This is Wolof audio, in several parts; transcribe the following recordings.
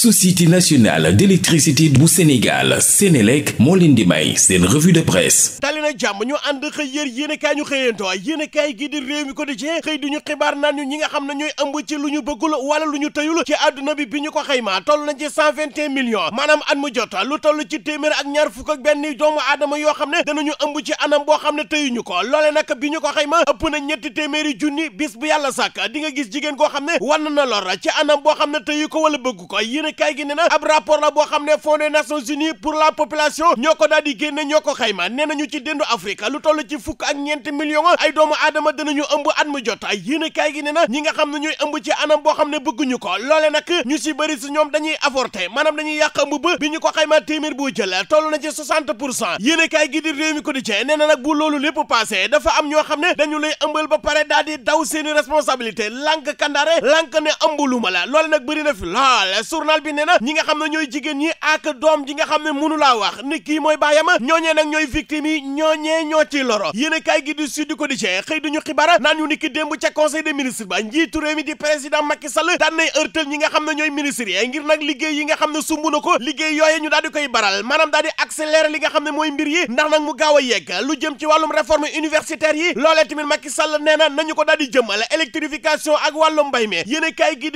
société nationale d'électricité bu Sénégal Sénélec moo leen di may seen revue de presse dali na jàmm ñu ànd xëy yér yéenekaay ñu xëyantoo yéenekaay gi di réew mi quotidien xëy duñu xibaar naan ñu ñi nga xam ne ñooy ëmb ci lu ñu bëggul wala lu ñu tëyul ci àdduna bi bi ñu ko ma toll na ci 121 millions maanaam at mu jot lu toll ci téeméer ak ñaar fukk ak benn doomu aadama yoo xam ne ñu ëmb ci anam boo xam ne ñu ko loole nag bi ñu ko ëpp na ñetti téeméeri junni bis yàlla sàkk di nga gis jigéen koo xam ne wann na lor ci anam boo xam ne ko wala bëgg ko yéenekaay gi ne na ab rapport la boo xam ne Fonds des Nations Unies pour la population ñoo ko daal di génne ñoo ko xayma nee nañu ci déndu Afrique lu toll ci fukk ak ñeenti millions ay doomu aadama danañu ëmb at mu jot ay kaay gi ne na ñi nga xam ne ñuy ëmb ci anam boo xam ne bëgguñu ko loole nag ñu si bëri si ñoom dañuy avorté maanaam dañuy yàq ëmb ba bi ñu ko xayma téeméer bu jël toll na ci 60 pour cent yéenekaay gi di réew mi ko di cee nee na nag bu loolu lépp passé dafa am ñoo xam ne dañu lay ëmbal ba pare daal di daw seeni responsabilité lànk kandaare lànk ne ëmb lu ma nag bëri na fi lool journal bi nee na ñi nga xam ne ñooy jigéen ñi ak doom ji nga xam ne mënu wax ni kii mooy baayama ñooñee ñooy victime yi ñooñee ñoo ci loro yéen kaay gi du Sud Quotidien xëy duñu xibara naan ñu ni ki démb ca conseil des ministres ba njiitu réew mi di président Macky daan nay ërtal ñi nga xam ne ñooy ministres yi ngir nag liggéey yi nga xam ne sumb na ko liggéey yooye ñu daal koy baral maanaam daal di li nga xam ne mooy mbir yi ndax nag mu gaaw a yegg lu jëm ci wàllum réforme universitaire yi loolee tamit Macky Sall nee na nañu ko daal di jëmmal électrification ak wàllum mbay mi yéen kaay gi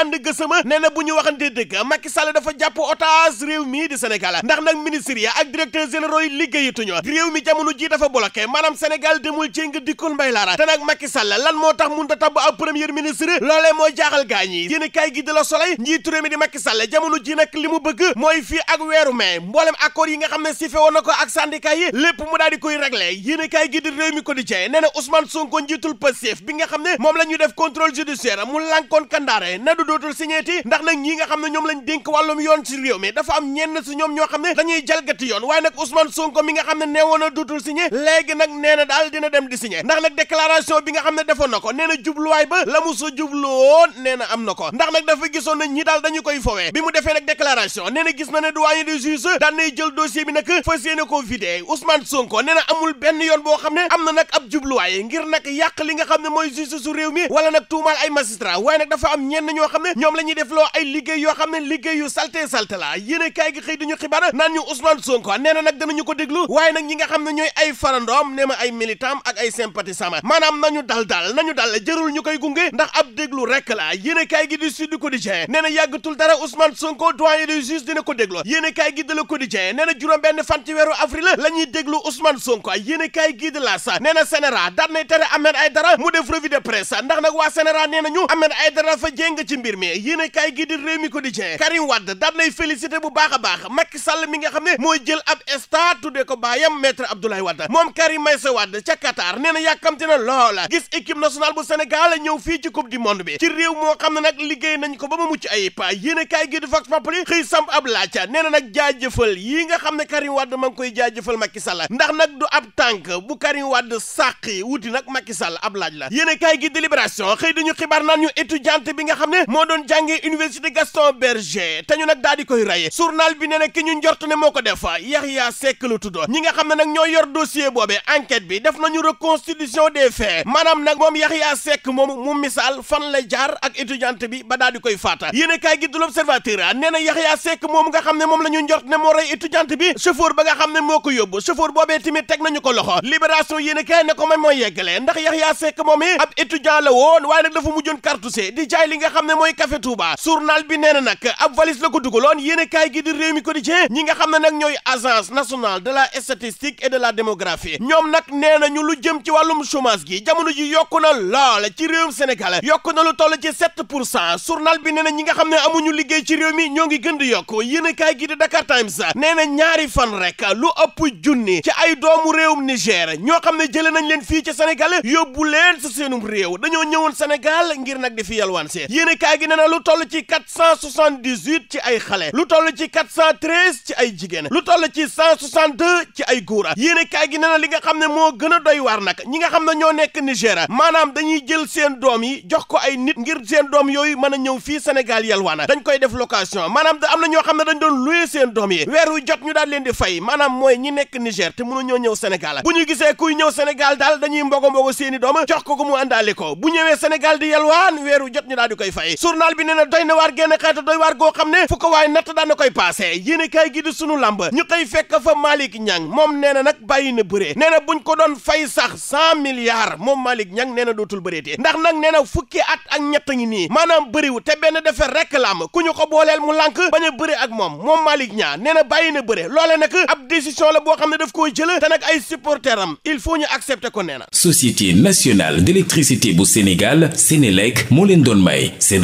ànd gësama nee na bu ñu waxante dëgg Macky Sall dafa jàpp otage réew mi di Sénégal ndax nag ministres yi ak directeurs généraux yi réew mi jamono ji dafa bloqué maanaam Sénégal demul ci nga dikkul mbay laara te nag Macky Sall lan moo tax mun ta tabb ab premier ministre loolee moo jaaxal gaañ yi yéen gi de la Soleil njiitu réew mi di Macky Sall jamono ji nag li mu bëgg mooy fi ak weeru mai mboolem accord yi nga xam ne si fe woon na ko ak syndicat yi lépp mu daal di koy kaay gi di réew mi ko di jee nee bi nga xam ne moom la ñu def contrôle judiciaire mu lànkoon kandaare dootul signéeti ndax nag ñi nga xam ne ñoom lañ dénk wàllum yoon ci réew mi dafa am ñenn si ñoom ñoo xam ne dañuy jalgati yoon waaye nag Ousmane Sonko mi nga xam ne neewoon na dootul signé léegi nag nee na daal dina dem di signé ndax nag déclaration bi nga xam ne defoon na ko nee na jubluwaay ba la mu sa jubluwoon nee na am na ko ndax nag dafa gisoon na ñi daal dañu koy fowee bi mu defee nag déclaration nee na gis na ne doyen des juges daan nay jël dossier bi nag fas yéene ko vidé Ousmane Sonko nee na amul benn yoon boo xam ne am na nag ab jubluwaay ngir nag yàq li nga xam ne mooy justice su réew mi wala nag tuumaal ay magistrat waaye nag dafa am ñenn ñoo xam ne ñoom la ñuy def loo ay yoo xam ne liggéey salte salte la kaay gi xëy duñu xibaar naan ñu Ousmane Sonko nee na nag danañu ko déglu waaye nag ñi nga xam ne ñooy ay farandoom nee ma ay militant ak ay sympathisant maanaam nañu dal dal nañu dal jërul ñu koy gunge ndax ab déglu rek la yéene kaay gi di Sud Quotidien nee na yàggatul dara Ousmane Sonko doyen des juges dina ko déglu yéene kaay gi di Le Quotidien nee na juróom-benn fan ci weeru avril la ñuy déglu Ousmane Sonko yéene kaay gi di L'As nee na senera daan nay tere Ahmed Aïdara mu def revue de presse ndax nag waa sénéra nee na ñu Ahmed Aïdara fa jéng ci mbir mi yéen kaay gi di réew mi quotidien Karim Wade daan nay félicité bu baax a baax Macky mi nga xam ne mooy jël ab star tuddee ko baayam maître Abdoulaye Wade moom Karim Meïssa Wade ca Qatar nee na yàkkamti na loola gis équipe nationale bu Sénégal ñëw fii ci coupe du bi ci réew moo xam ne nag liggéey nañ ko ba mu mucc ayib yéen kaay gi di Vox Populi xëy samp ab laaj nee na nag jaajëfal yii nga xam ne Karim Wade ma ngi koy jaajëfal Macky la yéen kaay gi délibération xëy dañu xibaar naan ñu étudiante bi nga xam ne moo doon jàngee université Gaston Berger te ñu nag daal di koy rayé journal bi ne na ki ñu njort ne moo ko def Yahya Seck lu tudd ñi nga xam ne nag ñoo yor dossier boobee enquête bi def nañu reconstitution des faits maanaam nag moom Yahya Seck moom mu misaal fan la jaar ak étudiante bi ba daal di koy faata yéen kaay gi du l'Observateur nee na Yahya moom nga xam ne moom la ñu njort ne moo rey étudiante bi chauffeur ba nga xam ne moo ko yóbbu chauffeur boobee tamit xam mooy café Touba journal bi nee na nag ab valise la ko dugaloon yéene kaay gi di Rewmi Quotidien ñi nga xam ne nag ñooy agence national de la statistique et de la démographie ñoom nag nee na ñu lu jëm ci wàllum chômage gi jamono ji yokku na lool ci réewum Sénégal yokk na lu toll ci 7 pour cent journal bi nee na ñi nga xam ne amuñu liggéey ci réew mi ñoo ngi gën di yokku yéene kaay gi di Dakar Times nee na ñaari fan rek lu ëpp junni ci ay doomu réewum Niger ñoo xam ne jëlee nañ leen fii ci Sénégal yóbbu leen sa seenum réew dañoo ñëwoon Sénégal ngir nag di fi yalwaan see kaay gi na lu toll ci quatre cent soixante dix ci ay xale lu toll ci quatre cent ci ay jigéen lu toll ci cent soixante deux ci ay góor yéen kaay gi nee na li nga xam ne moo gën a doy waar nag ñi nga xam ne ñoo nekk Niger maanaam dañuy jël seen doom yi jox ko ay nit ngir seen doom yooyu mën a ñëw fii Sénégal yalwaana dañ koy def location maanaam da am na ñoo xam ne dañ doon loué seen doom yi weer wu jot ñu daal leen di fay maanaam mooy ñi nekk Niger te mënu ñoo ñëw Sénégal bu ñu gisee kuy ñëw Sénégal daal dañuy mbogo mbogo seeni doom jox ko ko mu àndaale ko bu ñëwee Sénégal di yalwaan weer jot ñu daal di koy fay yi bi nee na doy na waar génn xeetu doy waar goo xam ne fu ko waaye natt daana koy paase yéene kaay gi di sunu làmb ñu koy fekk fa Malick Niang moom nee na nag bàyyi na bëree nee na buñ ko doon fay sax cent milliards moom Malick Niang nee na dootul bëreetee ndax nag nee fukki at ak ñett ngi nii maanaam bëriwu te benn defar rek lamb ku ñu ko booleel mu lànk bañ a bëri ak moom moom Malick ñaa nee na bàyyi na bëre loole nag ab décision la boo xam ne daf koy jël te nag ay supporter am il faut ñu accepter ko nee na société nationale d'électricité bu Sénégal Sénélec moo leen doon may seen